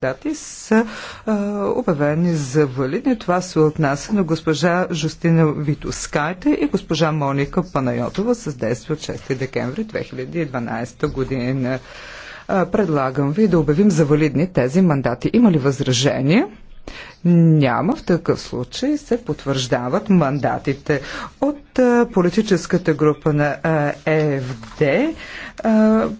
кандидати са а, обявени за валидни. Това се отнася на госпожа Жустина Витускайте и госпожа Моника Панайотова с действо 6 декември 2012 година. А, предлагам ви да обявим за валидни тези мандати. Има ли възражение? Няма. В такъв случай се потвърждават мандатите от а, политическата група на а, ЕФД. А,